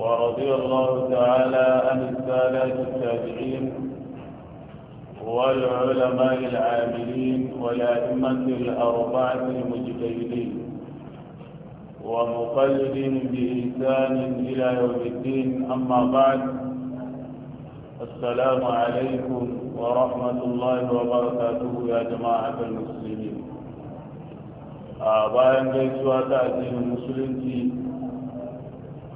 ورضي الله تعالى عن السادات التابعين والعلماء العاملين والأئمة الأربعة المجتهدين ومقلد بإنسان إلى يوم الدين أما بعد السلام عليكم ورحمة الله وبركاته يا جماعة المسلمين أبا آه، ينجز وتأتي المسلمين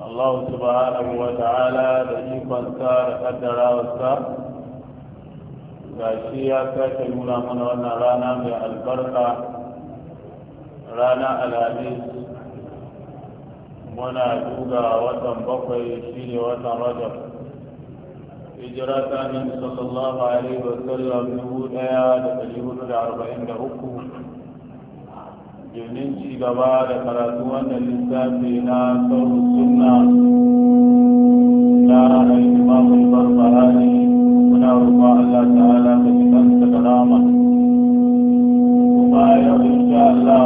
Allah subhanahu wa ta'ala da ikonsa da kaddarawarsa ga shi ya sake nuna mana wannan rana mai albarka rana alhamis muna duga watan bakwai shi ne watan rajab hijira ta annabi sallallahu alaihi wa sallam dubu ɗaya da dari hudu da arba'in da uku domin ci gaba da karatu wannan littafi na sauran sunna na al'imamun barbarani muna rufa Allah ta'ala ka ji kansa da rama kuma yau insha Allah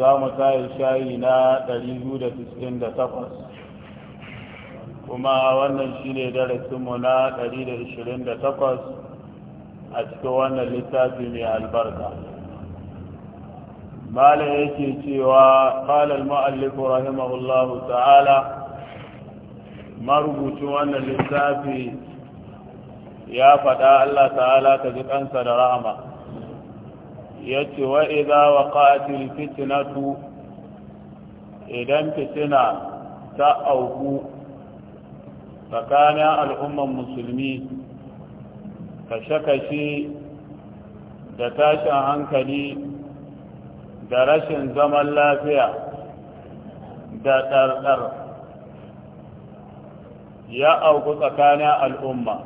za mu tayi shayi na 298 kuma wannan shi shine darasinmu na 128 a cikin wannan littafi mai albarka mala yake cewa qalal mu'allif rahimahullahu ta'ala marubucin wannan lissafi ya faɗa Allah ta'ala ka ji ɗansa da rahama ce wa idza waqa'atil fitinatu idan fitina ta auku tsakanin al'umman musulmi kashe-kashe da tashin hankali da rashin zaman lafiya da ɗarɗar ya auku tsakanin al'umma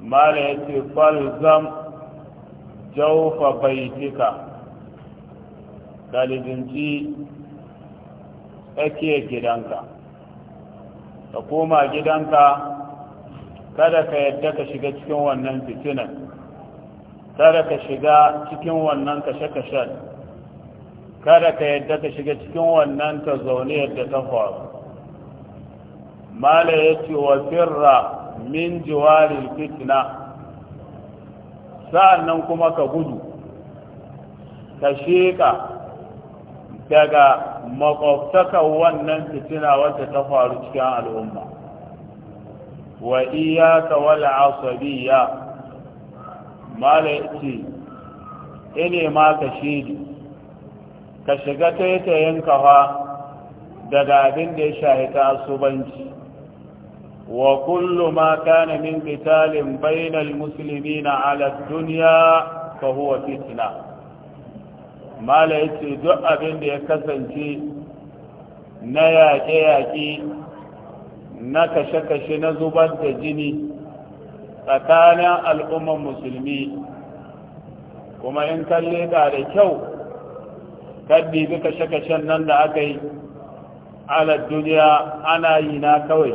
mala ya ce falzam jaufa baitika galibinci tsakiyar gidanka ka koma gidanka kada ka yadda ka shiga cikin wannan fitinan kada ka shiga cikin wannan kashe-kashen kada ka yadda ka shiga cikin wannan ta zaune yadda ta faru mala ya ce wa firra min jiwarin fitna sa'annan kuma ka gudu ka sheka daga makwabtakar wannan fitina wadda ta faru cikin al'umma wa iya iyaka wal asabiya mala ya ce ina ma ka shidi ka shiga taitayen kawa daga abin da ya shahi asubanci wa kullu ma kana min qitalin bainal muslimina ala dunya fa huwa fitna mala yace duk abin da ya kasance na yaƙe-yaƙe na kashe-kashe na zubar da jini tsakanin al'umman musulmi kuma in kalle da kyau kaddi duka kashe-kashen nan da aka yi alar duniya ana yi na kawai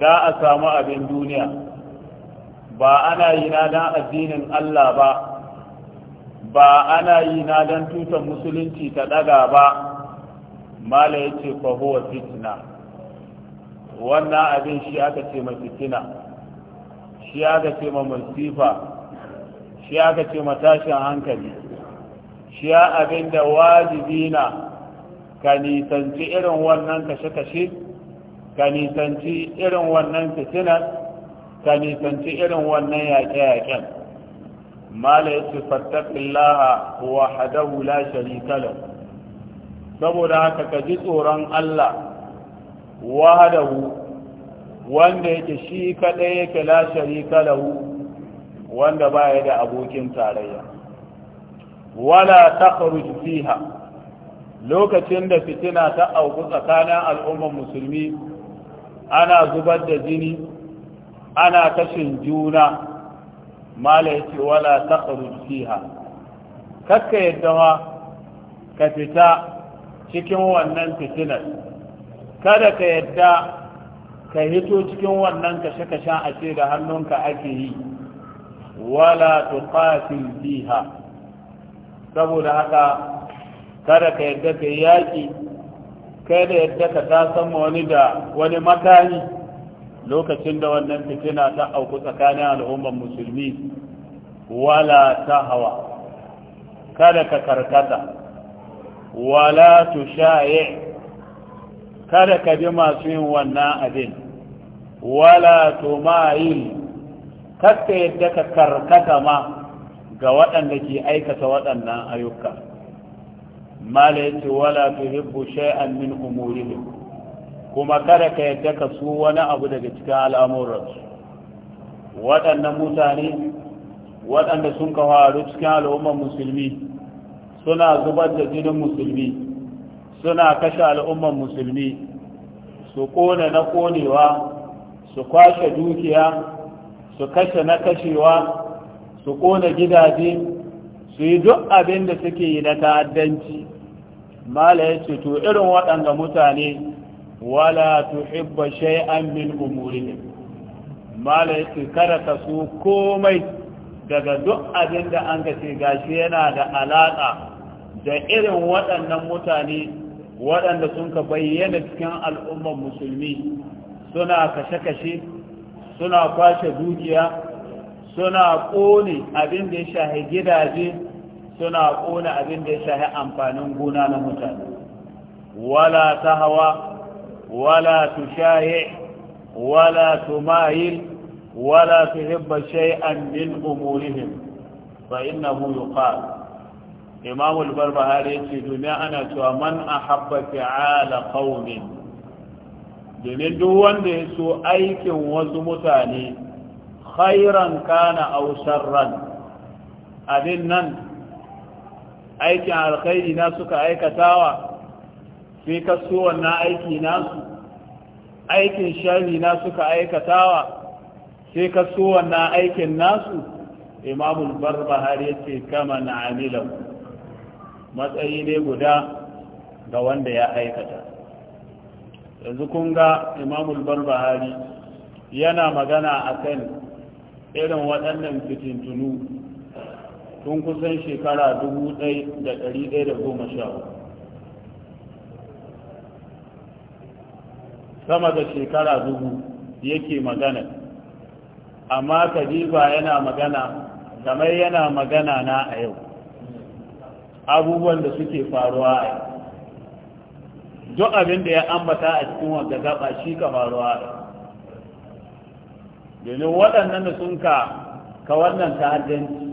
da a samu abin duniya ba ana yi na don addinin Allah ba ba ana yi na don tutar musulunci ta daga ba mala ya ce fahowa fitina wannan abin shi aka ce ma fitina shi aka ce ma musifa shi aka ce ma tashin hankali shi abin da wajibi na ka nisanci irin wannan kashe-kashe ka nisanci irin wannan fitinar ka nisanci irin wannan yaƙe-yaƙen mala ya ce laha, wa hadahu la sharika saboda haka ka ji tsoron Allah wahadahu wanda yake shi kaɗai yake la sharika wanda ba ya da abokin tarayya wala takhruj fiha lokacin da fitina ta auku tsakanin al'ummar musulmi ana zubar da jini ana kashin juna mala yace wala takhruj fiha kakka yadda ma ka fita cikin wannan fitinar kada ka yadda ka hito cikin wannan kashe-kashen a ce da hannunka ake yi wala tuqatil fiha saboda haka kada ka yadda ka yi yaƙi kada yadda ka tasan wani da wani makani lokacin da wannan fitina ta auku tsakanin al'umman musulmi wala ta hawa kada ka karkata wala tu sha'i kada ka bi masu yin wannan abin wala tu ma'il kakka yadda ka karkata ma ga waɗanda ke aikata waɗannan ayyuka mala ce wala tuhibbu shay'an min umurihim kuma kada ka yadda ka su wani abu daga cikin al'amuransu waɗannan mutane waɗanda sun faru cikin al'ummar musulmi suna zubar da jinin musulmi suna kashe al'ummar musulmi su ƙone na ƙonewa su kwashe dukiya su kashe na kashewa su ƙona gidaje su yi duk abin da suke yi na ta'addanci mala ya ce to irin waɗanda mutane wala tuhibba shay'an min umurihim mala ya ce kada ka so komai daga duk abin da an ga gashi yana da alaƙa da irin waɗannan mutane waɗanda sun ka bayyana cikin al'ummar musulmi suna kashe-kashe suna kwashe dukiya suna ƙone abin da ya shahi gidaje suna ƙone abin da ya shahi amfanin gona na mutane wala ta hawa wala tu shahi wala tu mayil wala tu hibba shay'an min umurihim fa innahu yuqal imam al-barbahari yace domin ana cewa man ahabba fi'ala qaumin domin duk wanda ya so aikin wasu mutane khairan kana aw sharran abin nan aikin alkhairi na suka aikatawa sai ka so wannan aiki na aikin sharri na suka aikatawa sai ka so wannan aikin nasu imamul barbahar yace kama na amilan matsayi ne guda ga wanda ya aikata yanzu kun ga imamul barbahari yana magana a kan irin waɗannan fitintunu tun kusan shekara dubu ɗaya da ɗari ɗaya da goma sha sama da shekara dubu yake magana amma kadiba yana magana game yana magana na a yau abubuwan da suke faruwa a duk abin da ya ambata a cikin wanda gaba shi ka faruwa a domin waɗannan da sun ka ka wannan ta'addanci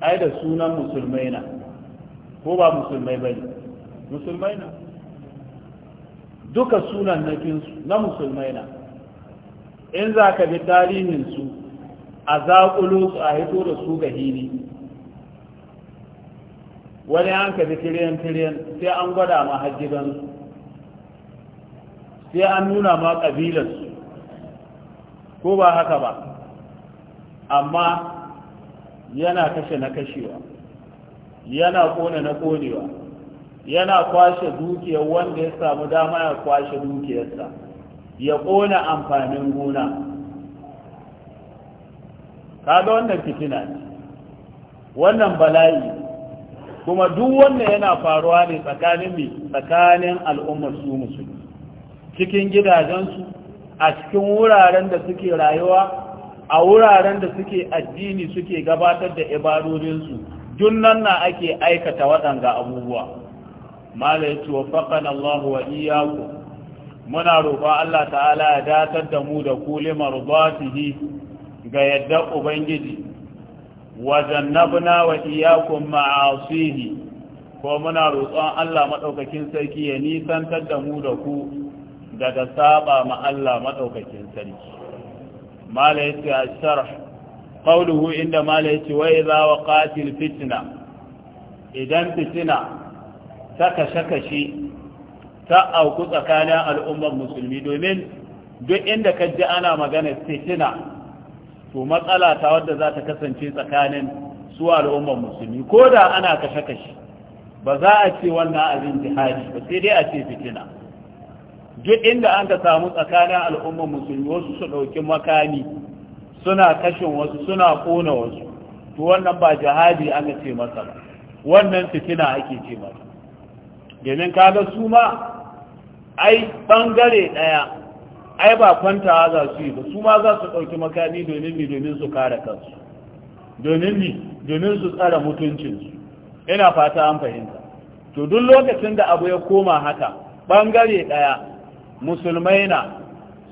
ai da sunan musulmai na ko ba musulmai ba ne musulmai na duka sunan nafinsu na musulmai na in za ka bi tarihinsu a zaƙulo su a hito da su ga hini wani an ka bi tiriyan-tiriyan sai an gwada ma sai an nuna ma ƙabilarsu ko ba haka ba amma yana kashe na kashewa yana kone na konewa yana kwashe dukiyar wanda ya samu dama ya kwashe dukiyarsa ya kone amfanin gona kaga wannan fitina ne wannan bala'i kuma duk wannan yana faruwa ne tsakanin tsakanin al'ummar su musulmi cikin gidajensu a cikin wuraren da suke rayuwa a wuraren da suke addini suke gabatar da ibadorinsu junnan na ake aikata waɗanga abubuwa mala ya ce wa faƙan Allah wa iyaku muna roƙa Allah ta'ala ya datar da mu da kulimar zatihi ga yadda Ubangiji wa zannabna wa iyakun ma'asihi ko muna roƙon Allah maɗaukakin sarki ya nisantar da mu da ku daga saba ma Allah maɗaukakin sarki mala yace asharh qawluhu inda mala za wa idha fitina idan fitina ta kashe-kashe ta auku tsakanin al'ummar musulmi domin duk inda ka ji ana magana fitina to matsala ta wadda za ta kasance tsakanin su al'ummar musulmi ko da ana kashe-kashe ba za a ce wannan abin jihadi ba sai dai a ce fitina duk inda an ka samu tsakanin al'ummar musulmi wasu su ɗauki makami suna kashin wasu suna kona wasu to wannan ba jihadi an ce masa ba wannan fitina ake ce masa domin kaga su ma ai ɓangare ɗaya ai ba kwantawa za su yi ba su ma za su ɗauki makami domin ni domin su kare kansu domin ni domin su tsara mutuncinsu ina fata an fahimta to duk lokacin da abu ya koma haka ɓangare ɗaya musulmai na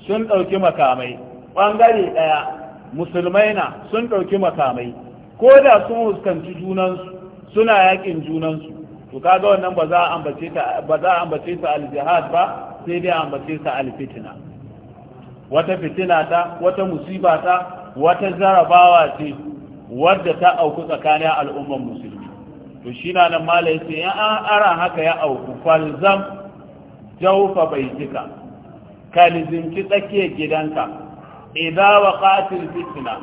sun ɗauki makamai ɓangare ɗaya musulmai na sun ɗauki makamai ko da sun huskanci junansu suna yakin junansu to kaga wannan ba za a ambace ta ba za a ambace ta al-jihad ba sai dai ambace ta al wata fitina ta wata musiba ta wata zarabawa ce wadda ta auku tsakanin al'umman musulmi to shi na nan malai sai an ara haka ya auku falzam bai baitika ka lizinci tsakiyar gidanka idan waqatil fitina.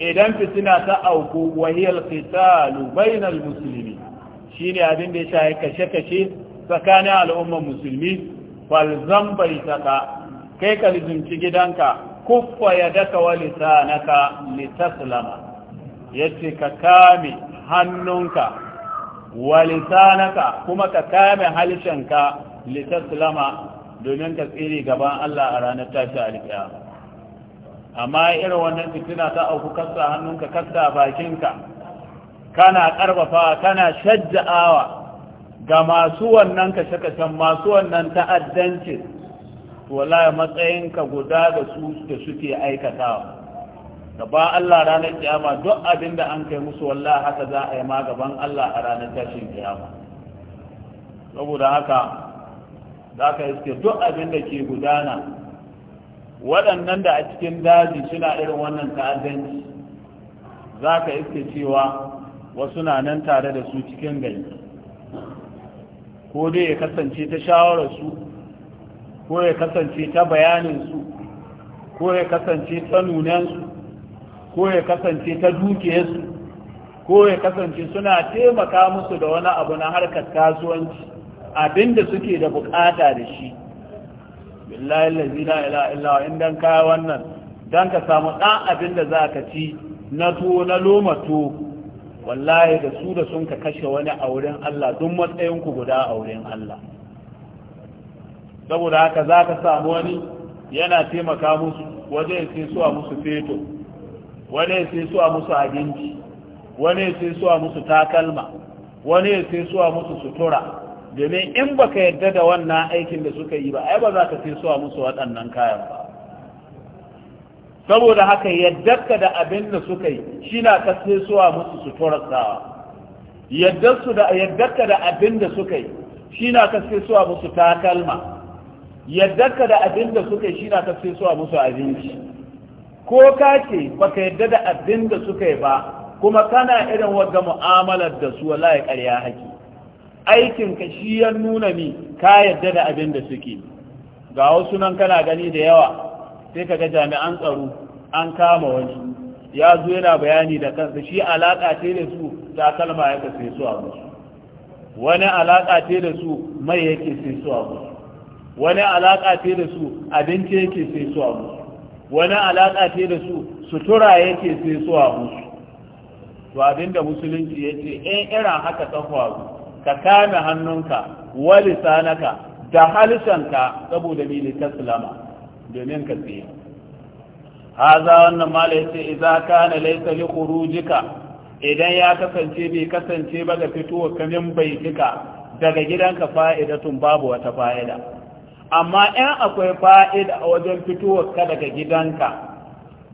idan fitina ta auku wahiyal qitalu musulmi muslimin shine abin da ya shafi kashe-kashe tsakanin al'ummar musulmi falzan baitaka kai ka lizinci gidanka kuffa daka wa lisanaka litaslama yace ka kame hannunka wa lisanaka kuma ka kame halshenka litaslama domin ka tsere gaban Allah a ranar tashi alƙiya amma irin wannan fitina ta auku kasta hannunka kasta bakinka kana ƙarfafa kana shajja'awa ga masu wannan kashe-kashen masu wannan ta'addanci wallahi matsayinka guda da su da suke aikatawa gaban Allah ranar kiyama duk abin da an kai musu wallahi haka za a yi ma gaban Allah a ranar tashin kiyama saboda haka za ka iske duk abin da ke gudana waɗannan da a cikin daji suna irin wannan ta'addanci za ka iske cewa wasu na nan tare da su cikin gari ko dai ya kasance ta shawararsu ko ya kasance ta bayaninsu ko ya kasance ta nunansu ko ya kasance ta dukiyarsu ko ya kasance suna taimaka musu da wani abu na harkar kasuwanci abinda suke da bukata da shi billahi allazi la ilaha illa huwa indan ka wannan dan ka samu dan abinda zaka ci na to na loma to, wallahi da su da sun ka kashe wani a wurin Allah duk matsayin ku guda a wurin Allah saboda haka zaka samu wani yana taimaka musu wajen sai su a musu feto wani sai su a musu abinci wani sai su a musu takalma wani sai su a musu sutura domin in baka yadda da wannan aikin da suka yi ba ai ba za ka fi suwa musu waɗannan kayan ba saboda haka yadda ka da abin da suka yi shi na ka fi suwa musu su turasawa ka da abin da suka yi shi na ka fi suwa musu takalma ka da abin da suka yi shi na ka fi suwa musu abinci ko ka ce baka yadda da abin da suka yi ba kuma kana irin wadda mu'amalar da su wallahi ƙarya haki aikin ka shi ya nuna mi ka yadda da abin da suke ga wasu nan kana gani da yawa sai ka ga jami'an tsaro an kama wani ya zo yana bayani da kansa shi alaka ce da su ta kalma ya kace su a musu wani alaka ce da su mai yake sai su a musu wani alaka ce da su abinci yake sai su a musu wani alaƙa ce da su sutura yake sai a musu to abinda musulunci ya ce in eh, irin haka ta faru ka kame hannunka wa lisanaka da halshenka saboda bi taslama domin ka tsaye haza wannan mala yace idza kana laysa li khurujika idan ya kasance bai kasance ba ga fitowar kamin bai daga gidanka fa'idatun babu wata fa'ida amma in akwai fa'ida a wajen fitowar ka daga gidanka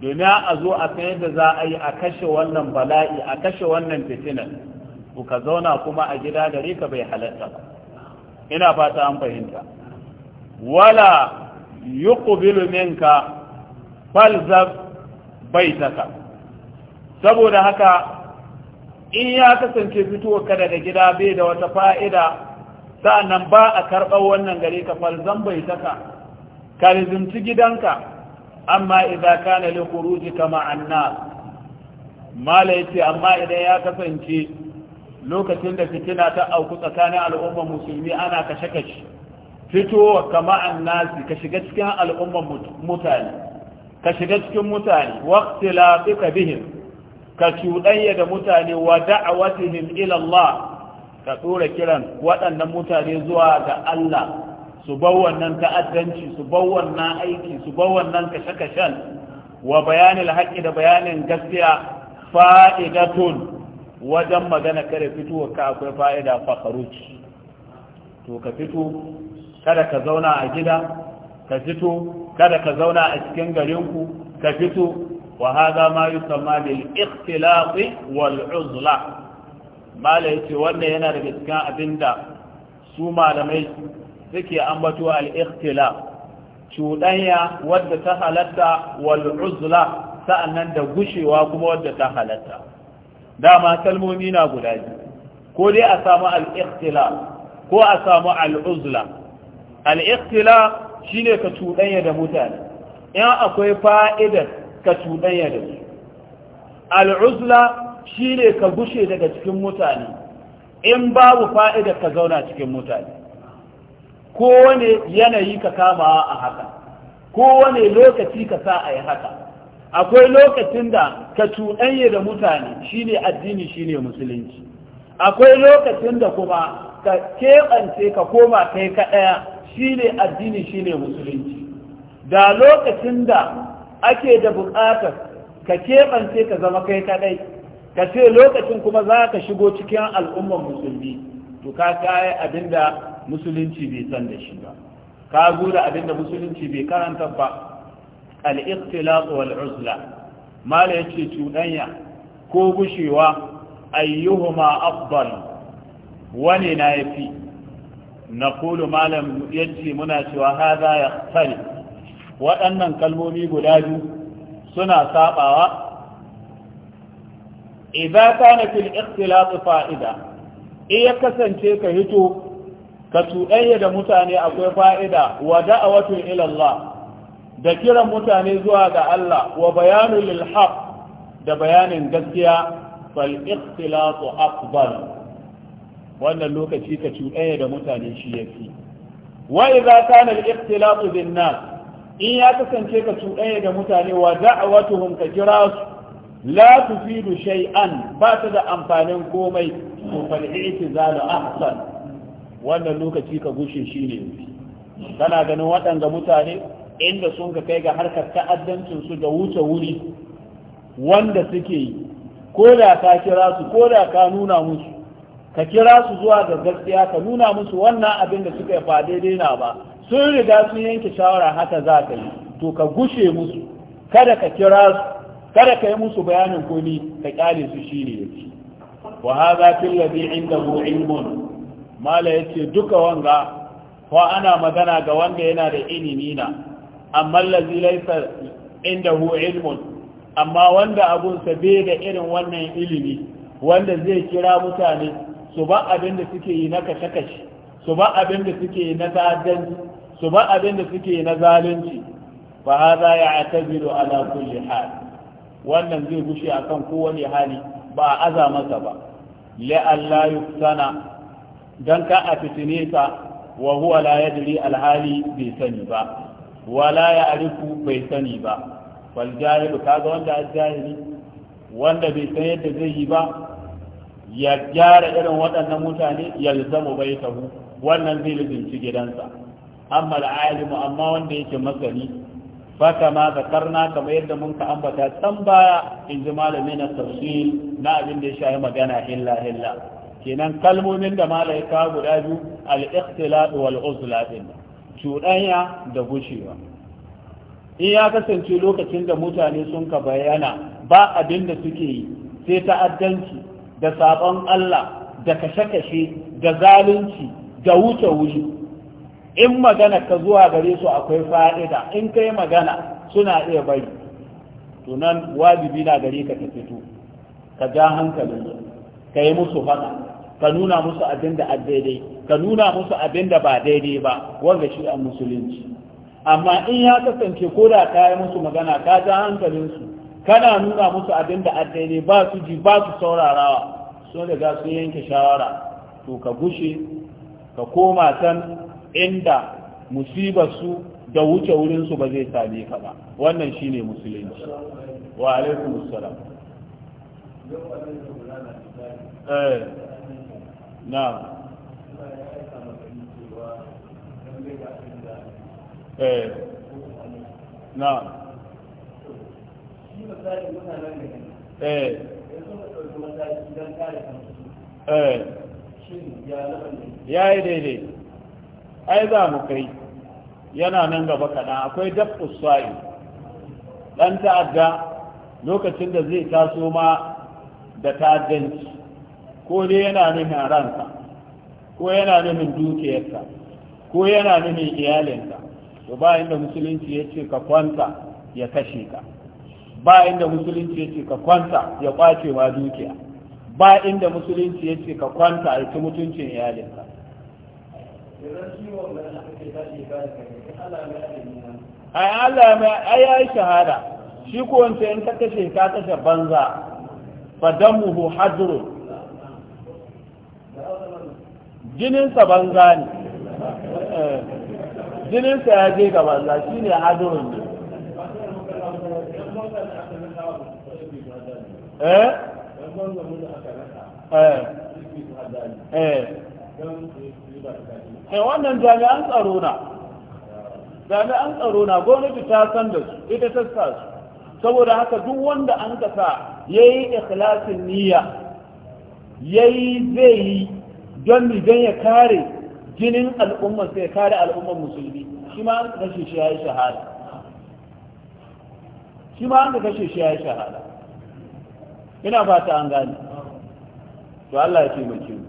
domin a zo a san yadda za a yi a kashe wannan bala'i a kashe wannan fitinan Ku ka zauna kuma a gida gare ka bai halatta ba ina fata an fahimta wala yuqbilu minka falzab baitaka saboda haka in ya kasance fito ka daga gida bai da wata fa'ida sanan ba a karɓar wannan gare ka falzan baitaka ka rizumci gidanka amma idza kana li khurujika kama nas mala ce, amma idan ya kasance lokacin da fitina ta auku tsakanin al'ummar musulmi ana kashe-kashe fitowa kama annasi ka shiga cikin al'ummar mutane ka shiga cikin mutane waqti laqika bihim ka cuɗanya da mutane wa da'awatihim ila Allah ka dora kiran waɗannan mutane zuwa ga Allah su bar wannan ta'addanci su bar wannan aiki su bar wannan kashe-kashen wa bayanil haqqi da bayanin gaskiya fa'idatun wajen magana kare fitowa ka akwai fa'ida fakaruci to ka fito kada ka zauna a gida ka fito kada ka zauna a cikin garinku ka fito wa haza ma sama bil ikhtilafi wal uzla mala yace wannan yana daga cikin abinda su malamai suke ambato al ikhtilaf cuɗanya wadda ta halatta wal'uzla, uzla nan da gushewa kuma wadda ta halatta dama kalmomi na guda biyu ko dai a samu al ko a samu al-uzla al-ikhtila shine ka cuɗanya da mutane in akwai fa'idar ka cuɗanya da su al'uzla shi ne ka gushe daga cikin mutane in babu fa'idar ka zauna cikin mutane kowane yanayi ka kama a haka kowane lokaci ka sa a yi haka akwai lokacin da ka cuɗanye da mutane shine addini shine musulunci akwai lokacin da kuma ka keɓance ka koma kai ka ɗaya shine addini shine musulunci da lokacin da ake da buƙatar ka keɓance ka zama kai kaɗai ka ce lokacin kuma za ka shigo cikin al'ummar musulmi to ka kayi abin da musulunci bai san da shi ba ka gura abin da musulunci bai karanta ba al-ikhtilaq wal uzla mala ce cudanya ko gushewa ayyuhuma afdal wani na Na Kulu, malam yace muna cewa ya yaqtali waɗannan kalmomi guda biyu suna sabawa idza kana fil ikhtilaq fa'ida iya kasance ka hito ka cuɗanya da mutane akwai fa'ida wa a watan Allah da kiran mutane zuwa ga Allah wa bayanu lil haq da bayanin gaskiya fal ikhtilatu afdal wannan lokaci ka cuɗaya da mutane shi yake wa idza kana al ikhtilatu bin nas in ya kasance ka cuɗaya da mutane wa da'watuhum ka kira su la tufidu shay'an ba ta da amfanin komai to fal ikhtilatu ahsan wannan lokaci ka gushe shi ne kana ganin waɗanda mutane inda sun ka kai ga harkar ta'addancin su da wuce wuri wanda suke yi ko da ka kira su ko da ka nuna musu ka kira su zuwa ga gaskiya ka nuna musu wannan abin da suka yi ba daidai na ba sun riga sun yanke shawara haka za ka yi to ka gushe musu kada ka kira su kada ka yi musu bayanin komi ka kyale su shi ne yake wa hadha fil ladhi indahu ilmun mala yace duka wanga ko ana magana ga wanda yana da ilimi na amma allazi inda hu ilmun amma wanda abun sa bai da irin wannan ilimi wanda zai kira mutane su ba abin da suke yi na kashe-kashe su ba abin da suke yi na ta'addanci su ba abin da suke yi na zalunci fa ya atabiru ala kulli hal wannan zai gushe akan kowane hali ba a aza masa ba la'alla yuftana dan ka a fitine ta wa huwa la yadri alhali bai sani ba wala ya arifu bai sani ba wal jahilu kaga wanda a jahili wanda bai san yadda zai yi ba ya gyara irin waɗannan mutane ya zama bai tahu wannan zai lizinci gidansa amma alimu amma wanda yake masani faka ma zakarna kamar yadda mun ka ambata can baya in ji malami na tafsir na abin da ya shafi magana hilla hilla kenan kalmomin da malai ka guda biyu al-ikhtilat wal uzla cuɗanya da gushewa in ya kasance lokacin da mutane sun ka bayyana ba abin da suke yi sai ta'addanci da sabon Allah da kashe-kashe da zalunci da wuce wuri in magana ka zuwa gare su akwai fa'ida in kai magana suna iya bari tunan wajibi na gare ka fito ka ja hankalin ka yi musu faɗa ka nuna musu abin da daidai ka nuna musu abin da ba daidai ba wanda shi a musulunci amma in ya kasance ko da ka yi musu magana ka ja hankalinsu kana nuna musu abin da daidai ba su ji ba su saurarawa sun riga sun yanke shawara to ka gushe ka koma san inda musibar su da wuce wurinsu ba zai same ka ba wannan shi ne musulunci wa alaikum Eh, eh. Eh. ya yi daidai ai za mu kai yana nan gaba kaɗan akwai dafkus sa'i ɗan ta'adda lokacin da zai taso ma da ta'addanci ko dai yana nufin ranka ko yana nufin dukiyarka ko yana nufin iyalinka to ba inda musulunci ya ce ka kwanta ya kashe ka ba inda musulunci ya ce ka kwanta ya kwace ma dukiya ba inda musulunci ya ce ka kwanta a ci mutuncin iyalinka ai Allah mai ai ai shahada shi ko wanda in ka kashe ka kashe banza fadamuhu hadrun jininsa banza ne jininsa ya je ga banza shi ne hadirin ne eh? Eh. eh eh wannan jami'an tsaro na jami'an tsaro na gwamnati ta san da su ita ta sa su saboda haka duk wanda an kasa ya yi ikhlasin niyya ya yi zai yi don mi don ya kare jinin al'ummar sai ya kare al'ummar musulmi shi ma an kashe shi ya shahada shi ma an kashe shi ya yi shahada ina fata an gane to Allah ya taimake mu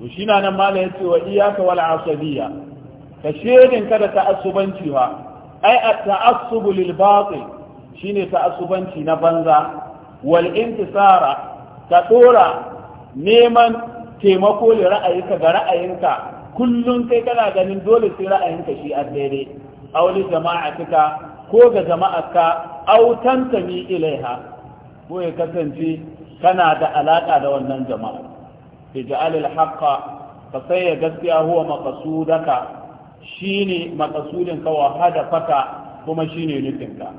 to shi na nan mala yace wa iyyaka wal asabiyya ka shedin kada ta'assubanci ba. ai at-ta'assubu lil batil shine ta'assubanci na banza wal intisara ka dora neman taimako da ra'ayinka ga ra'ayinka kullum kai kana ganin dole sai ra'ayinka shi a daidai jama'a kika? ko ga jama'a ka autanta ni ilaiha ko ya kasance kana da alaƙa da wannan jama'a ij'al al-haqqa fa sayya gaskiya huwa maqsudaka shine maqsudin ka wa faka kuma shine nufinka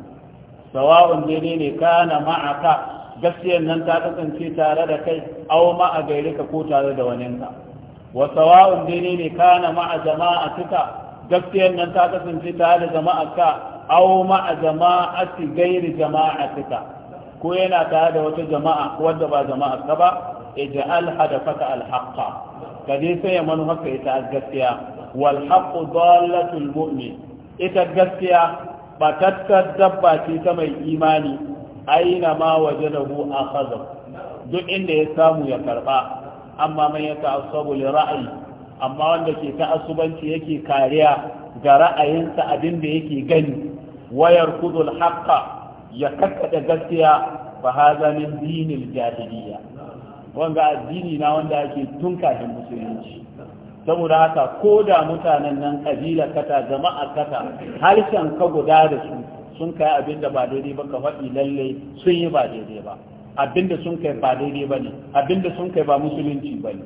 sawa'un daidai ne kana ma'aka gaskiyar nan ta kasance tare da kai aw ma a gaire ka ko tare da waninka wa sawa'un dai ne kana ma a jama'a tuka gaskiyar nan ta kasance tare da jama'a ka aw ma a jama'ati gairi jama'a tuka ko yana tare da wata jama'a wadda ba jama'a ka ba ij'al hadafaka al-haqqa kade sai ya manufarka ita gaskiya Wal والحق ضالة المؤمن ita gaskiya ba takkar dabba ce ta mai imani aina ma a akhadha duk inda ya samu ya karba amma man ya ta'assabu li ra'ayi amma wanda ke ta'assubanci yake kariya ga ra'ayinsa abin da yake gani wayar kudul haqqa ya kakkada gaskiya fa hadha min dinil jahiliya wanda addini na wanda ake tun kafin musulunci saboda haka ko da mutanen nan kabila kata jama'a kata harshen ka guda da su sun kai abin da ba daidai ba ka faɗi lallai sun yi ba daidai ba abin da sun kai ba daidai ba ne abin da sun kai ba musulunci ba ne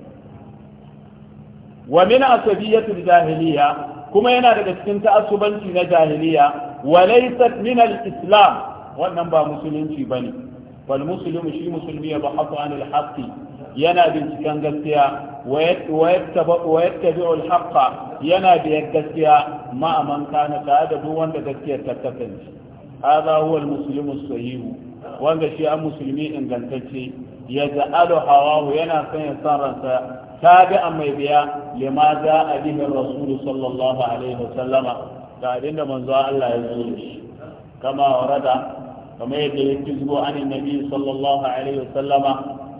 wa min asabiyatul jahiliya kuma yana daga cikin ta'assubanci na jahiliya wa laysat min al-islam wannan ba musulunci ba ne wal muslimu shi musulmi ya ba an al haqqi yana binciken gaskiya ويتبع الحق ينا بيكسيا مع من كان قاعد وان كسيا تكفن هذا هو المسلم الصحيح وان شيء مسلمي ان غنتشي يجعل هواه ينا سن سرنسا تابعا ما بيا لما جاء به الرسول صلى الله عليه وسلم قاعدين من ذا الله يزول كما ورد كما يدل عن النبي صلى الله عليه وسلم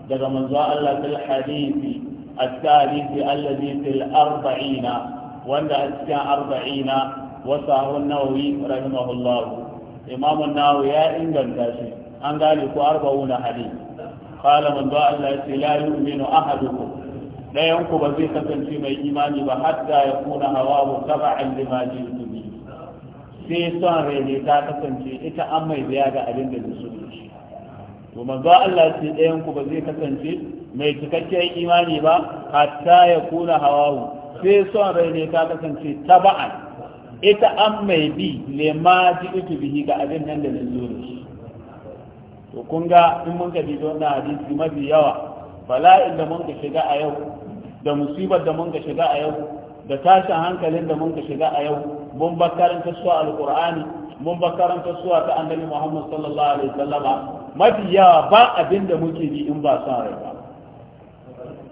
daga manzo Allah fil hadisi الثالث الذي في الأربعين وأن أسكى أربعين وصاه النووي رحمه الله إمام النووي إن قلتاشي أن ذلك أربعون حديث قال من دعا الله لا يؤمن أحدكم لا ينكب ذيكة في إيمان حتى يكون هواه تبعا لما جئت به sai son rene ta kasance ita an mai biya ga abin da su to manzo Allah ce ɗayan ku ba zai kasance mai cikakken imani ba hatta ya kula hawawu. sai son rai ne ta kasance taba'an ita an mai bi ma ji ita bihi ga abin nan da nan zuwa shi to kun ga in mun ka bibi na hadisi mafi yawa bala'in da mun ka shiga a yau da musibar da mun ka shiga a yau da tashin hankalin da mun ka shiga a yau mun ba karanta suwa alqur'ani mun ba karanta suwa ta annabi Muhammad sallallahu alaihi wasallama mabiya ba abin da muke ji in ba son rai ba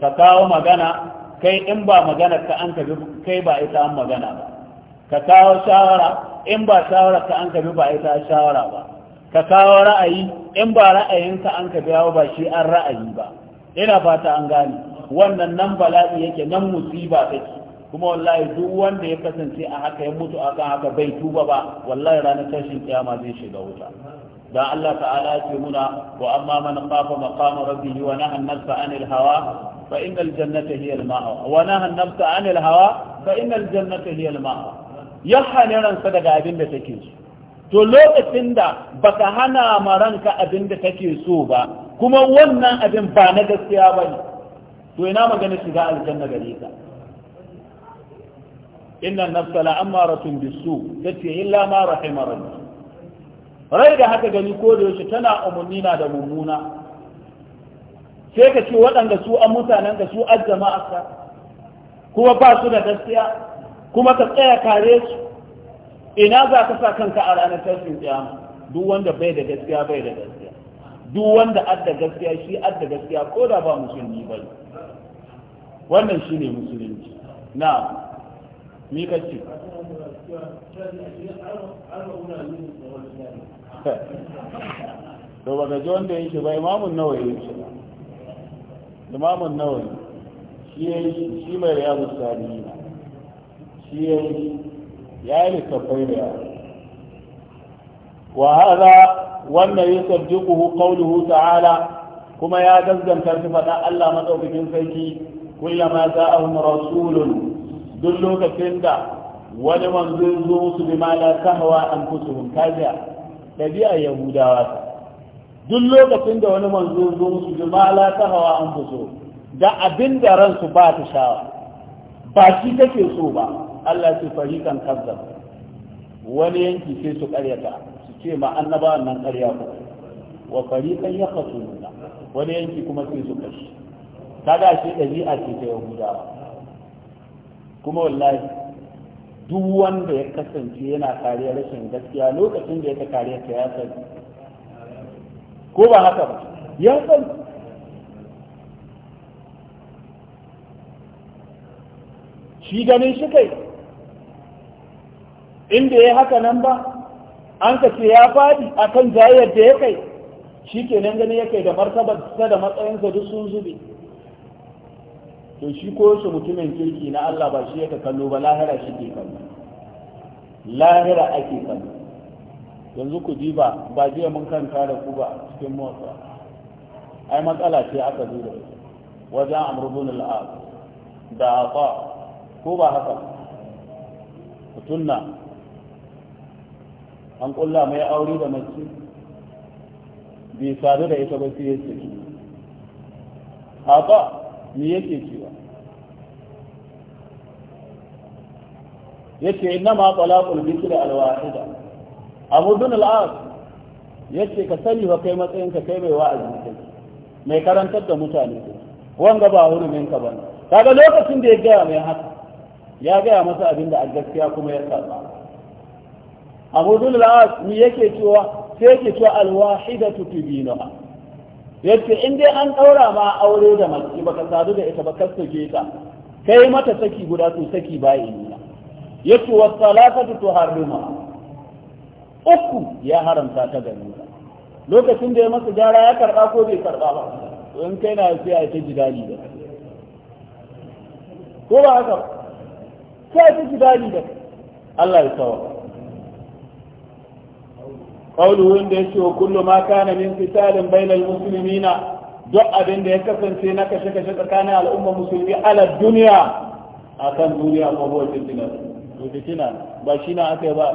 ka kawo magana kai in ba magana ka an kabi kai ba ita an magana ba ka kawo shawara in ba shawara ka an kabi ba ita shawara ba ka kawo ra'ayi in ba ra'ayin ka an kabi yawo ba shi an ra'ayi ba ina fata an gane wannan nan bala'i yake nan musiba take kuma wallahi duk wanda ya kasance a haka ya mutu akan haka bai tuba ba wallahi ranar tashin kiyama zai shiga wuta da Allah ta'ala ya ce muna wa amma man khafa maqama rabbihi wa nahana nafsa anil hawa fa innal jannata hiya al ma'a wa nahana nafsa anil hawa fa innal jannata hiya al ma'a ya hane ransa daga abin da take so to lokacin da baka hana ma ranka abin da take so ba kuma wannan abin ba na gaskiya ne, to ina magana shiga aljanna gare ka inna nafsa la'amaratun bisu tace illa ma rahima rabbi rai da haka gani ko da yaushe tana umurni na da mummuna sai ka ce waɗanda su an mutanen ka su an jama'arka kuma ba su da gaskiya kuma ka tsaya kare su ina za ka sa kanka a ranar tashin kiyama duk wanda bai da gaskiya bai da gaskiya duk wanda adda gaskiya shi adda gaskiya ko da ba musulmi ba wannan shi ne musulunci na mi ka ce to ba ga ji wanda ya shi ba imamun nawa ya shi ba imamun nawa shi ya yi shi mai riya sani shi ya yi ya yi littafai da wa haza wannan ya sabjiquhu qawluhu ta'ala kuma ya gaskanta shi fada Allah madaukakin sarki kullama za'ahum rasulun duk lokacin da wani manzo zo musu bi ma la tahwa anfusuhum kaza ɗabi'a yahudawa ta duk lokacin da wani manzo zo musu jimala ta hawa an fuso da abin da ransu ba ta shawa ba shi take so ba Allah ce farikan kazzab wani yanki sai su karyata su ce ma annabawan nan karya ku wa farikan ya kasuluna wani yanki kuma sai su kashi kaga shi ɗabi'a ce ta yahudawa kuma wallahi duk wanda ya kasance yana kariya rashin gaskiya lokacin da ya ta kariya ta ya ko ba haka ba ya san shi ganin shi kai inda ya haka nan ba an ka ce ya faɗi akan jayar da ya kai shi ke nan gani ya kai da martabar da matsayinsa duk sun zube to shi ko shi mutumin kirki na Allah ba shi yake kallo ba lahira shi ke kallo lahira ake kallo yanzu ku diba ba jiya mun kan da ku ba cikin motsa ai matsala ce aka zo da wajen amrubun al'ad da afa ko ba haka tunna an kulla mai aure da mace bai sadu da ita ba sai ya saki afa me yake cewa yace inna ma talaqul bikr al wahida abu dun al as yace ka sani wa kai matsayin ka kai mai wa'azi kai mai karantar da mutane wanga ba hurumin ka bane kaga lokacin da ya gaya mai haka ya gaya masa abin da a gaskiya kuma ya saba abu dun al as me yake cewa sai yake cewa al wahidatu tubinuha yace in dai an daura ma aure da mace baka sadu da ita ba ka ke ta kai mata saki guda to saki ba nuna yace wa salatu tuharrima uku ya haramta ta gani lokacin da ya masa gyara ya karba ko bai karba ba to in kai na sai a ta jidali da ko ba haka sai ta jidali da Allah ya sawa qawluhu ya yace wa kullu ma kana min qitalin bainal muslimina duk abin da ya kasance na kashe kashe tsakanin al'umma musulmi ala duniya a kan duniya ko huwa fitina fitina ba shi na aka yi ba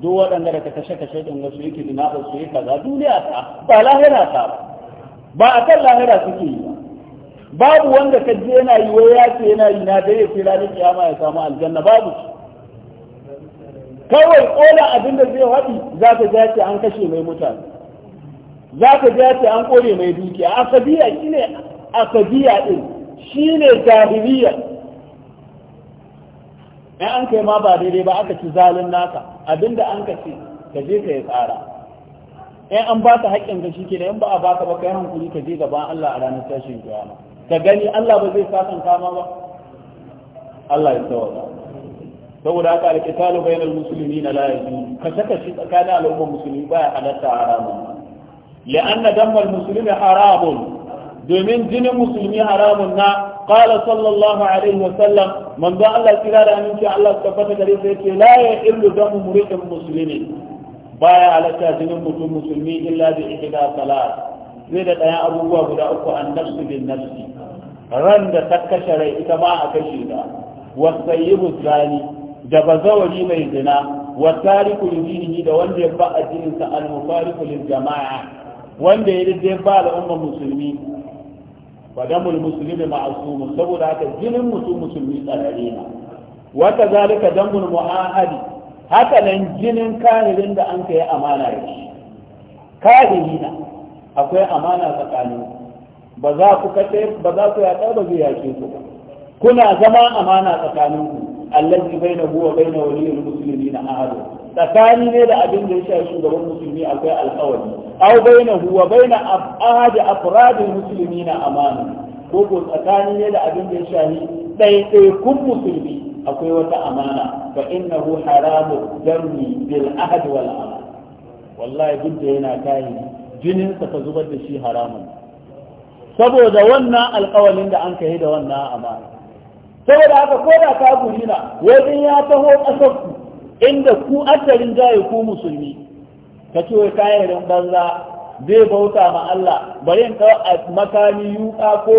duk waɗanda da kashe kashe ɗin wasu yake dina ba su yi kaza duniya ta ba lahira ta ba ba kan lahira suke yi ba babu wanda ka kaje yana yi wai ya ce yana yi na dai ya ce ranar kiyama ya samu aljanna babu shi kawai kola abin da zai waɗi za ka ja ce an kashe mai mutane za ka ja ce an kore mai dukiya asabiya ne asabiya shi shine jahiliya in an kai ma ba daidai ba aka ci zalin naka abinda an ka ce ka je ka yi tsara in an ba ka haƙƙin ka shi kenan in ba a ba baka ba kai hankuri ka je gaban Allah a ranar tashin kiyama ka gani Allah ba zai sakan kama ba Allah ya tsawata saboda haka alƙitalu bainal muslimina la yajuz ka saka shi tsakanin al'ummar musulmi baya halatta haramun لأن دم المسلم haramun domin jinin musulmi haramun na qala sallallahu alaihi wa sallam manzo Allah kira da aminci Allah tabbata gare sa yace la ya illu damu muridin muslimi baya halatta jinin mutum musulmi illa bi ihda salat zai da ɗayan abubuwa guda uku an nafsu bin nafsi ran da ta kashe ita ma a kashe ta wasayyibu zani da bazawari mai zina wa tariku lidinihi da wanda ya ba addinin sa al mufariqu lil jama'a wanda ya dai ba da umma musulmi wa damul muslimi ma'sum saboda haka jinin mutum musulmi tsarare ne wa kazalika damul mu'ahadi haka nan jinin kafirin da an kai amana da shi kafirina akwai amana tsakanin ba za ku kace ba za ku yaɗa ba zai yake ku kuna zama amana tsakaninku allazi huwa wa bain waliyil muslimina ahad tsakani ne da abin da ya sha shugaban musulmi akwai alƙawari aw bainahu wa bain ahad afradil muslimina amana ko ko tsakani ne da abin da ya sha ni shahi kun musulmi akwai wata amana fa innahu haramu dami bil ahad wal amana wallahi duk da yana kayi jininsa ka zubar da shi haramun saboda wannan alƙawalin da an kai da wannan amana saboda haka ko da ka gurina wajen ya taho ƙasar ku inda ku asalin jaye ku musulmi ka ce wai kayan banza zai bauta ma Allah bari in a makami yuka ko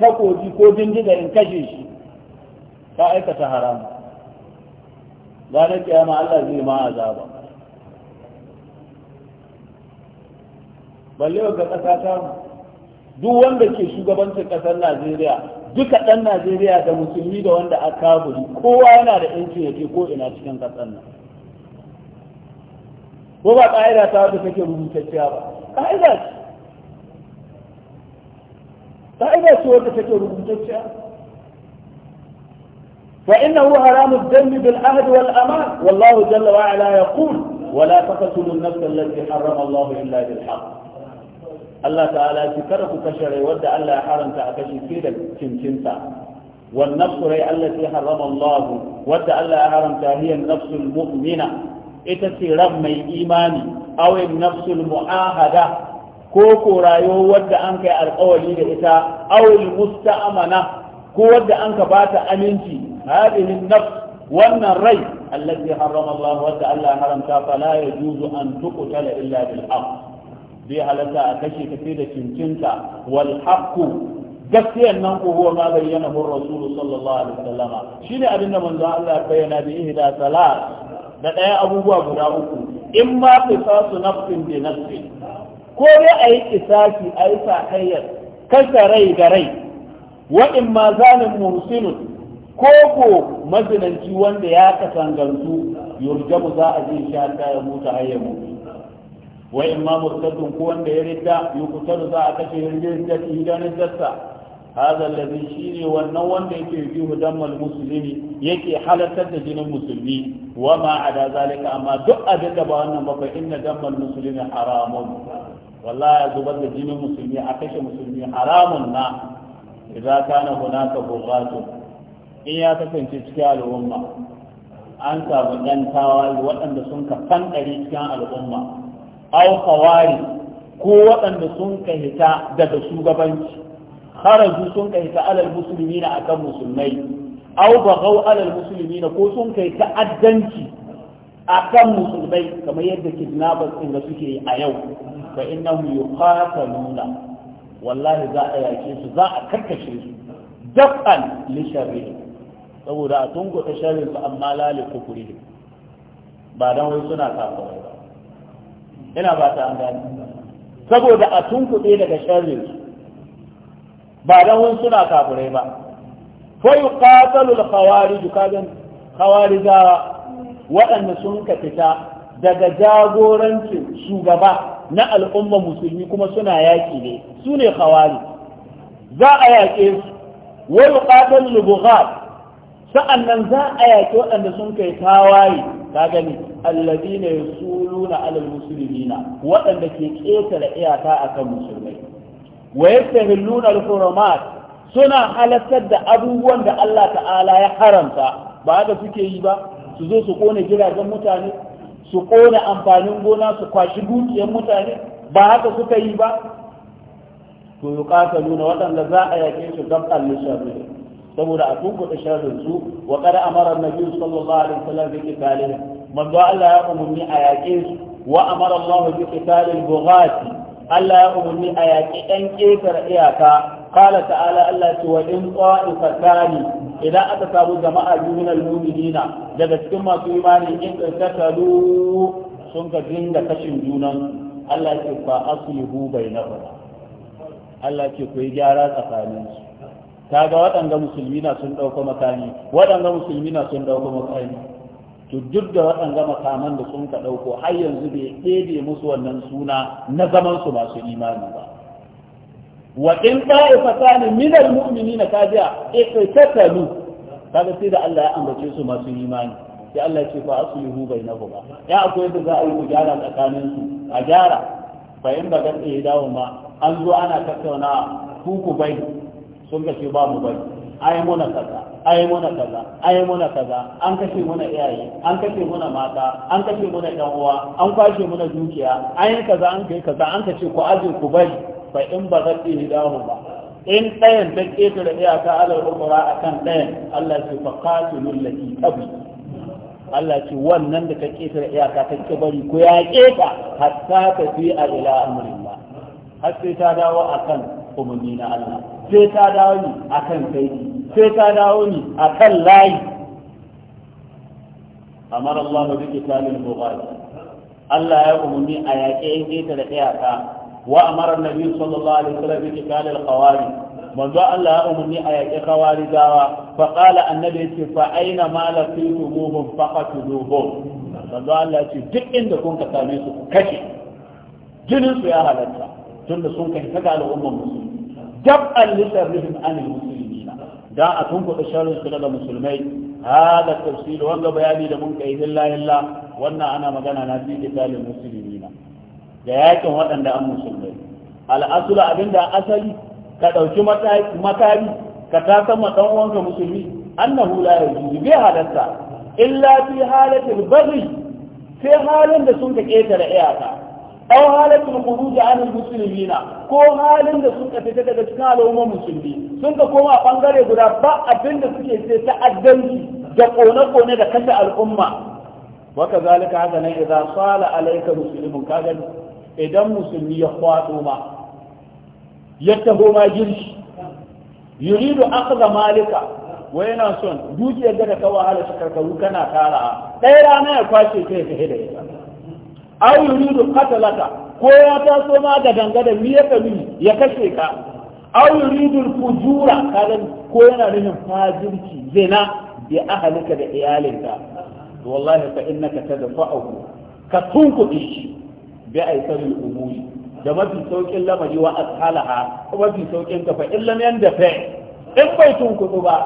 takoji ko bindiga in kashe shi ka aikata haram ranar kiyama Allah zai ma azaba balle ga ƙasa ta duk wanda ke shugabancin ƙasar Najeriya duka dan najeriya da musulmi da wanda a kaburi kowa yana da yanci ya je ko ina cikin kasar nan ko ba ka'ida ta wadda take rubutacciya ba ka'ida ce ƙa'ida ce wata take rubutacciya فإنه حرام الدم بالعهد والأمان والله جل وعلا يقول ولا تقتلوا النفس التي حرم الله إلا بالحق Allah ta'ala shi kada ku kashe rai wadda Allah ya haramta a kashe ke da cincinta wan nafsu rai Allah sai harama Allah wadda Allah ya haramta hiya nafsul mu'mina ita ce ran mai imani aw nafsul mu'ahada ko ko rayuwar wadda an kai alƙawari da ita aw musta'amana ko wadda an ka bata aminci hadhihi nafs wannan rai allati harrama Allah wadda Allah ya haramta fala yajuzu an tuqtala illa bil haqq bai halatta a kashe ka sai da cincinka wal haqqu gaskiyan nan ko huwa ma bayyana hu rasul sallallahu alaihi wasallam shine abin da manzo Allah bayyana bi ihda salat da daya abubuwa guda uku in ma qisasu nafsin bi nafsin ko dai ayi qisasi ayi sakayyar kasa rai da rai wa in ma zalim muhsinun ko ko mazinanci wanda ya kasangantu yurjamu za a je sha ta ya mutu hayyamu wa imma murtadun ko ya ridda yuqtalu za a kashe riddarsa idan riddarsa hadha alladhi shine wannan wanda yake yuhu dammal muslimi yake halartar da jinin musulmi wa ma ada zalika amma duk abinda da ba wannan ba fa inna dammal muslimi haramun wallahi zubar da jinin musulmi a kashe musulmi haramun na idza kana hunaka burratu in ya kasance cikin al'umma an samu ɗan waɗanda sun ka cikin al'umma aw kawari ko waɗanda sun ka daga shugabanci kharaju sun ka alal musulmina akan musulmai au bagau alal musulmi ko sun kai ta'addanci akan musulmai kamar yadda kidnappers din da suke a yau fa innahu yuqataluna wallahi za a yake su za a karkashe su dab'an li sharri saboda a tungo sharri su amma lali kukuri ba dan wai suna kafa ba ina ba ta an gani saboda a tunkuɗe daga sharri ba da wani suna kafirai ba fa yuqatalu al-khawarij gan khawarijawa waɗanda sun ka fita daga jagorancin shugaba na al'umma musulmi kuma suna yaƙi ne su ne khawari za a yaƙe su wani ƙatar lubugat sa'an nan za a yaƙi waɗanda sun kai tawaye ka gani alladina yusuluna alal muslimina waɗanda ke ƙetare iyaka kan musulmai wa yastahilluna al-hurumat suna halartar da abubuwan da Allah ta'ala ya haramta ba da suke yi ba su zo su kone gidajen mutane su kone amfanin gona su kwashi dukiyar mutane ba haka suka yi ba to yuqataluna waɗanda za a yake su gabtan lishabi saboda a tunkuɗa sharrin su wa kada amara nabi sallallahu alaihi wasallam bi qitalihim manzo Allah ya umurni a yaƙe su wa amara Allah bi qitalil bughati Allah ya umurni a yaƙi ɗan ƙetare iyaka qala ta'ala Allah ce wa in qa'ifatani idan aka samu jama'a biyu na mu'minina daga cikin masu imani in qatatalu sun ka dinga kashin junan Allah ya ce fa aslihu bainahum Allah ya ce ku yi gyara tsakaninsu ga waɗanda musulmi na sun ɗauko makami waɗanda musulmi na sun ɗauko makami to duk da waɗanda makaman da sun ka ɗauko har yanzu bai ɗebe musu wannan suna na zaman su masu imani ba wa in ne min al-mu'minina kaja iqtatalu kaga sai da Allah ya ambace su masu imani sai Allah ya ce fa aslihu bainahuma ya akwai da za a yi ku gyara tsakanin su a gyara fa in ba ga dawo ma an zo ana tattauna ku ku bai sun kashe ba mu bari ai muna kaza ai muna kaza ai muna kaza an kashe muna iyaye an kashe muna mata an kashe muna dan uwa an kwashe muna dukiya an yi kaza an kai kaza an kace ku aje ku bari fa in ba yi damu ba in ɗayan ta ƙetare iyaka alal ukura akan ɗayan Allah ce fa qatilul lati qabli Allah ce wannan da ta ƙetare iyaka ta ke bari ku ya ƙeta hatta ta fi a ila amrillah har sai ta dawo akan umarni na Allah sai ta dawo ni a kan kai sai ta dawo ni a kan layi amara Allah bi kitabin bukhari Allah ya umumi a yaƙe in keta da iyaka wa amara nabi sallallahu alaihi wasallam bi kitabin qawari manzo Allah ya umumi a yaƙe qawari dawa fa qala annabi yace fa aina ma laqitumuhum faqatuluhum manzo Allah yace duk inda kun ka same su kashe jinin su ya halatta tunda sun kai ta kaga al'umman musulmi dab'an lisharrihim anil muslimina da a tunkuɗa sharrin su daga musulmai hada tafsir wanga bayani da mun kai illa illa wannan ana magana na fi kitalin muslimina da yakin waɗanda an musulmai al'asula abinda asali ka ɗauki makari ka tasan ma ɗan uwanka musulmi annahu la yajuzu bi halatta illa fi halatil baghi sai halin da sun ka ƙetare iyaka aw halatul khuruj musulmi na, ko halin da suka fita daga cikin al'ummar musulmi sun ka koma bangare guda ba abin suke sai ta'addanci da kone-kone da kashe al'umma wa kazalika haka nan idan sala alayka muslimun kaga idan musulmi ya kwato ma ya taho ma girshi yuridu akhdha malika wa yana son dukiyar da ka wahala shi karkaru kana tara ɗaya rana ya kwace kai ka hida aw yuridu qatalaka ko ya taso ma ga dangada mi ya kabi ya kashe ka aw yuridu fujura kalan ko yana nufin fajirci zina bi ahlika da iyalinka to wallahi fa innaka tadfa'u ka tunkuɗe shi bi aikaril umuri da mafi saukin lamari wa ashalaha ko mafi saukin ka fa illam yanda fa in bai tunkuɗu ba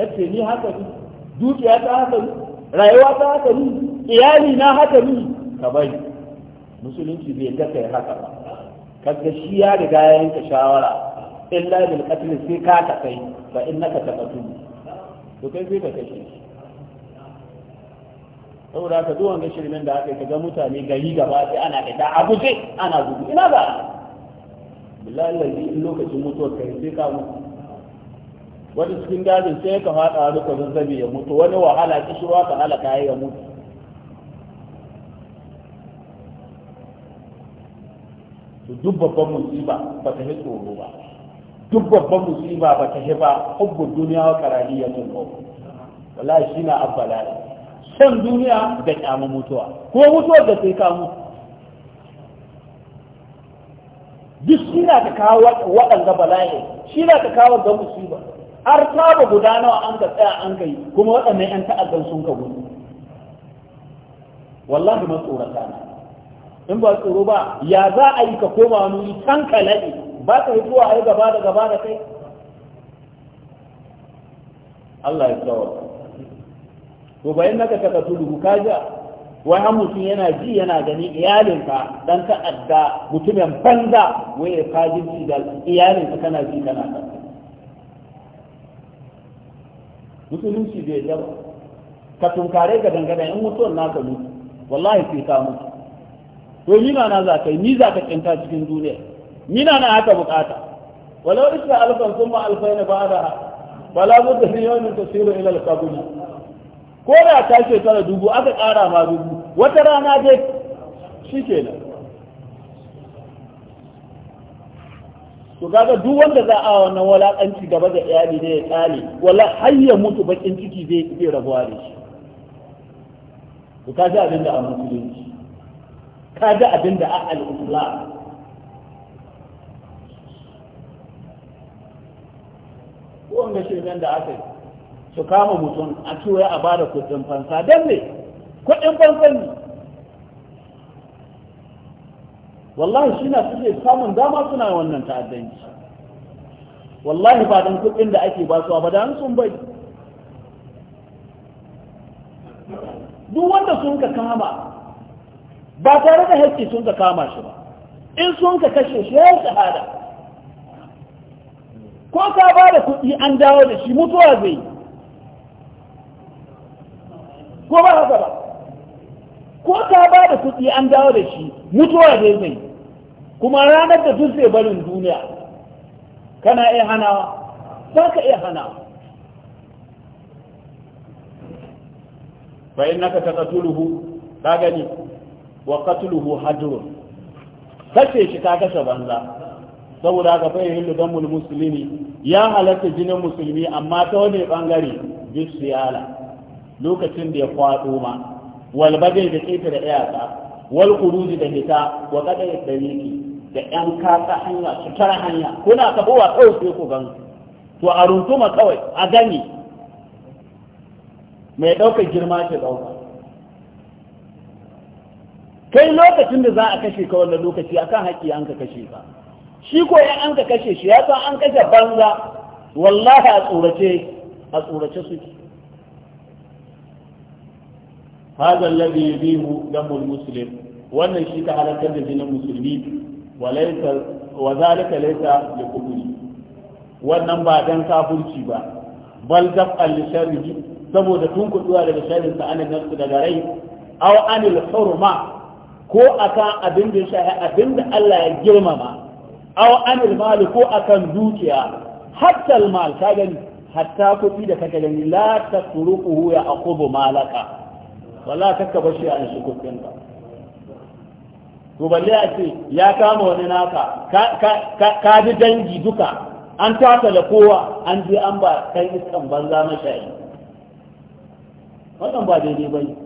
kace ni haka ni dukiya ta haka ni rayuwa ta haka ni iyali na haka ni ka bari musulunci bai ga kai haka ba kaga shi ya riga ya yanka shawara In illa bil qatl sai ka ka kai ba in fa innaka taqatu to kai sai ka kashe saboda ka duwan ga shirmen da aka yi kaga mutane gari gaba sai ana da a guje ana gudu ina ba billahi lalli in lokacin mutuwar kai sai ka mutu wani cikin dajin sai ka faɗa wani ka zazzabi ya mutu wani wahala kishirwa ka halaka ya mutu duk babban musiba ba ta yi tsoro ba duk babban musiba ba ta yi ba hubbun duniya wa karaniya sun kawo Wala shi na abbala son duniya da kyamu mutuwa ko mutuwa da sai kamu duk shi na ta kawo waɗanda bala'i shi na ta kawo ga musiba har ta ba guda nawa an ka tsaya an kai kuma waɗannan 'yan ta'addan sun ka gudu wallahi matsorata na in ba tsoro ba ya za a yi ka koma wani yi can ka laɗe ba ka zuwa a yi gaba da gaba da kai Allah ya tsawar to bayan naka ka kasu duhu ka ja wai an mutum yana ji yana gani iyalinka dan ta'adda mutumin banza wai ya kajin ci da iyalinka kana ji kana ka musulunci bai yaba ka tunkare ga dangane in mutuwan naka mutu wallahi sai ka mutu to ni na za ka yi ni za ka kinta cikin duniya ni na na haka bukata walau isa alfan sun ba alfai na ba'ada wala budda ni ta tasiru ila alqabuli ko da ta ce tara dubu aka ƙara ma dubu wata rana dai shikenan to kaga duk wanda za a wannan walakanci gaba da iyali ne ya tsale wala hayya mutu bakin ciki zai zai rabuwa da shi to kaji abin da a musulunci ka ga abin da aka al'ula wanda shirin da aka yi su kama mutum a cewa a bada kudin fansa don ne kudin fansa ne wallahi shi na suke samun dama suna wannan ta'addanci wallahi ba don kudin da ake basuwa ba da sun bai duk wanda sun ka kama ba tare da hakki sun ka kama shi ba in sun ka kashe shi ya shahada ko ka ba da kuɗi an dawo da shi mutuwa zai ko ba haka ba ko ka ba da kuɗi an dawo da shi mutuwa zai zai kuma ranar da duk zai barin duniya kana iya hanawa ba ka iya hanawa fa innaka taqtuluhu ka gani wa qatluhu hadrun kace shi ka kashe banza saboda haka fa da damul muslimi ya halatta jinin musulmi amma ta wani bangare bisiyala lokacin da ya kwado ma wal badai da kaita da iyaka wal khuruji da hita wa da dariki da yan kaka hanya tara hanya kuna kabuwa kawai sai ku gan to a runtuma kawai a gani mai ɗaukar girma ke ɗauka kai lokacin da za a kashe ka wannan lokaci akan haƙƙi an ka kashe ka shi ko ya an ka kashe shi ya san an kashe banza wallahi a tsorace a tsorace suke hadha alladhi yubihu damul muslim wannan shi ka halakar da jinin musulmi walaysa wa zalika laysa liqubuli wannan ba dan kafirci ba bal daf'al li sharri saboda tunkuduwa daga sharrin ana anan daga rai aw anil hurma ko akan abin da shahi abin da Allah ya girmama aw anil mali ko akan dukiya hatta al mal ka gani hatta kuɗi da kake gani la tasruquhu ya aqubu malaka wala kaka bashi an shi kuɗin ka to balle a ce ya kama wani naka ka ji dangi duka an tasa da kowa an je an ba kai iskan banza mashayi wannan ba daidai bane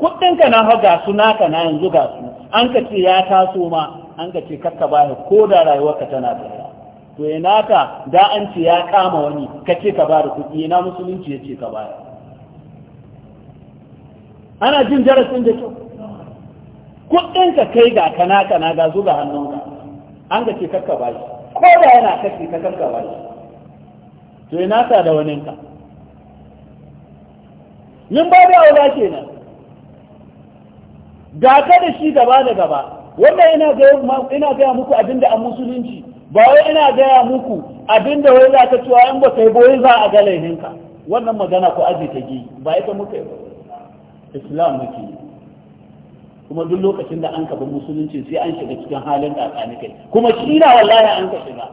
kuɗinka na ha ga na-ka na yanzu ga su an ka ce ya taso ma an ka ce kakka baya ko da rayuwarka tana da, to ya naka da an ce ya kama wani ka ce ka bada kuɗi na musulunci ya ce ka baya ana jin jarasin da kyau kuɗinka kai ga kana kana ga zu ga hannunka an ka ce kakka bashi ko da yana kashe ka kakka bashi to ya naka da waninka Yin ba da aula kenan ga ka da shi gaba da gaba wannan ina gaya ina ga muku abinda a musulunci ba wai ina gaya muku abinda wai za ka cewa in ba kai boye za a ga laihinka wannan magana ko aje ta gi ba ita muka islam muke kuma duk lokacin da an kafa musulunci sai an shiga cikin halin kakani kai kuma shi na wallahi an ka shiga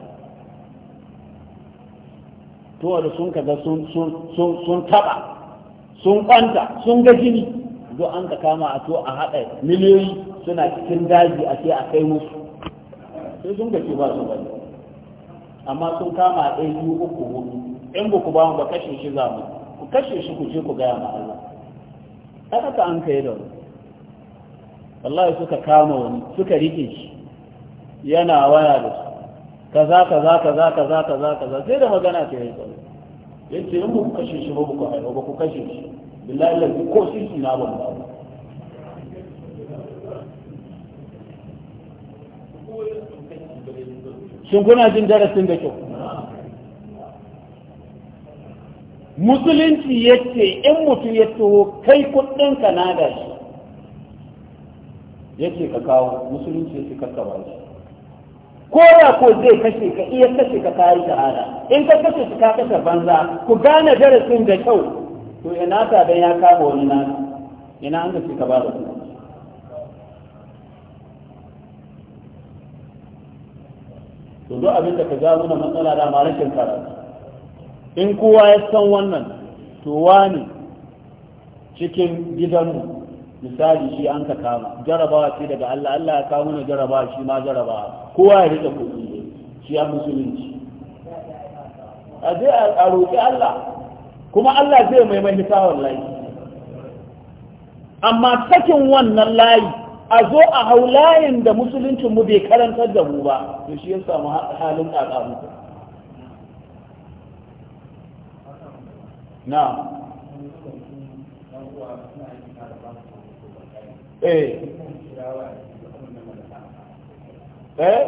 to da sun kaga sun sun sun taba sun kwanta sun ga jini duk an ka kama a to a haɗa miliyoyi suna cikin daji a ce a kai musu sai sun ka ce ba su bane amma sun kama a ɗaya biyu uku hudu in ba ku ba mu ba kashe shi za mu ku kashe shi ku je ku gaya ma Allah haka an kai da wani wallahi suka kama wani suka rike shi yana waya da su kaza kaza kaza kaza kaza kaza sai da magana ta yi tsawo yace in ba ku kashe shi ba ku haifa ba ku kashe shi billahi ko shi suna ban ba shin kuna jin darasin da kyau musulunci ya ce in mutum ya taho kai kudinka na da shi ya ce ka kawo musulunci ya ce ka shi ko da ko zai kashe ka iya kashe ka kayi shahada in ka kashe su ka kashe banza ku gane darasin da kyau to ya nasa dan ya kama wani na ina an gaske ka ba da to duk abin da ka ga nuna matsala da ma fara in kowa ya san wannan to wani cikin gidan misali shi an ka kama jarabawa ce daga Allah Allah ya kawo mana jarabawa shi ma jarabawa kowa ya rika kudi shi ya musulunci a je a roƙi Allah kuma Allah zai mai mahita wallahi amma sakin wannan layi a zo a hau layin da musuluncinmu mu bai karantar da mu ba to shi ya samu halin ƙaƙa na eh eh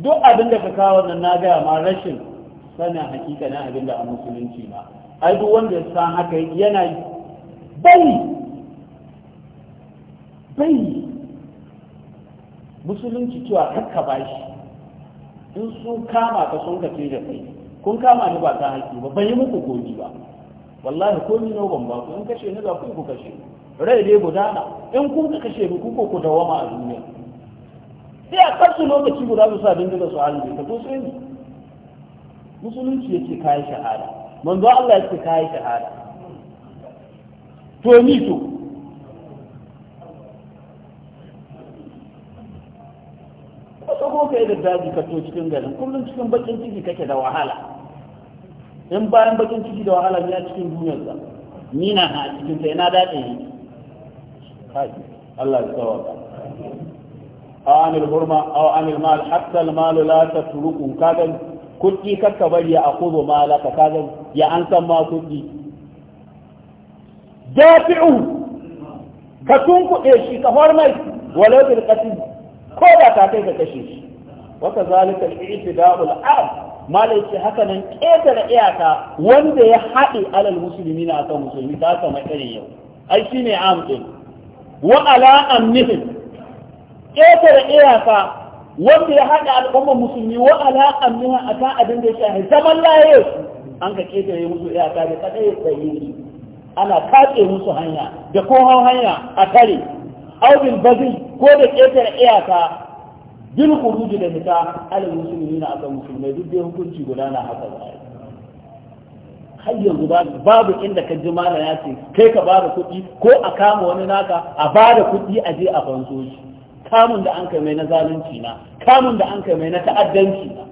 duk abin da ka kawo nan na gaya ma rashin sana hakika na abin da a musulunci ba ai duk wanda ya san haka yana bai bai musulunci cewa ba bashi in sun kama ka sun ka da kai kun kama ni ba ta haƙi ba bai yi muku gobi ba wallahi ko ni ban ba ku in kashe ni ba ku ku kashe rai dai gudana in kun ka kashe ni ku ko ku dawama a duniya sai a kasu lokaci guda su sa dindiga su halin da ku sai musulunci yake kayi shahada manzo Allah yake kayi shahada to ni to ko ko kai da daji ka to cikin garin kullum cikin bakin ciki kake da wahala in bayan bakin ciki da wahala ya cikin duniyar sa ni na ha cikin sai na dade ni kai Allah ya tsawata aw anil hurma aw anil mal hatta al mal la tatruku kaga kuɗi kakka bari ya akudu malaka kaga ya an san ma kuɗi dafi'u ka tunkuɗe shi ka hormai walau bil qatl ko da ka kai ka kashe shi wa kazalika al-i'tida'u al-'am malai ce haka nan ƙetare iyaka wanda ya haɗe alal musulmi na akan musulmi ta kama irin yau ai shine am din wa ala amnihim ƙetare iyaka wanda ya haɗa al'ummar musulmi wa alaƙan nuna a kan abin da ya shahi zaman laye an ka ƙetare musu iyaka da kaɗai tsaye ana kaɗe musu hanya da kohon hanya a tare aubin bazin, ko da ƙetare iyaka bil khuruji da fita alal musulmi na akan musulmai duk da hukunci guda na haka ba har yanzu babu inda ka ji mala ya ce kai ka ba da kuɗi ko a kama wani naka a bada kuɗi a je a fanso shi kamun da an kai mai na zalunci na kamun da an kai mai na ta'addanci na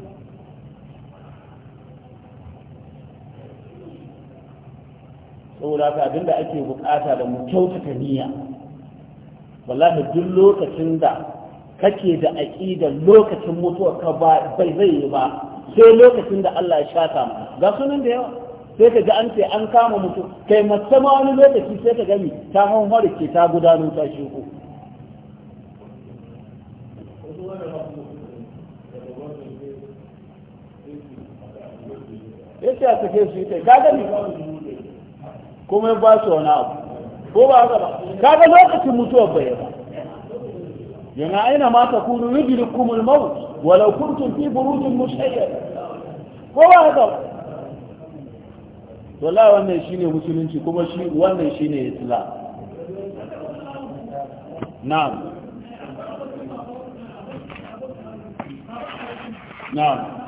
saboda haka da ake bukata da mu kyautata niyya wallahi duk lokacin da kake da aqida lokacin mutuwar ka ba bai zai yi ba sai lokacin da Allah ya shata mu ga sunan da yawa sai ka ga an ce an kama mutum kai mace ma wani lokaci sai ka gani ta hanhar ke ta gudanar ta shi ya ce a sake su ita ka gani kuma ba su wani abu ko ba haka ba ka ga lokacin mutuwar bai ba yana aina ma ta kunu yudrikum al-maut walau kuntum fi burujin mushayyad ko ba haka ba wallahi wannan shine musulunci kuma shi wannan shine islam na'am na'am